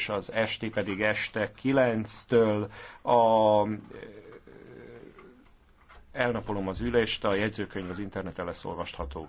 és az esti pedig este 9-től. A, elnapolom az ülést, a jegyzőkönyv az interneten lesz olvasható.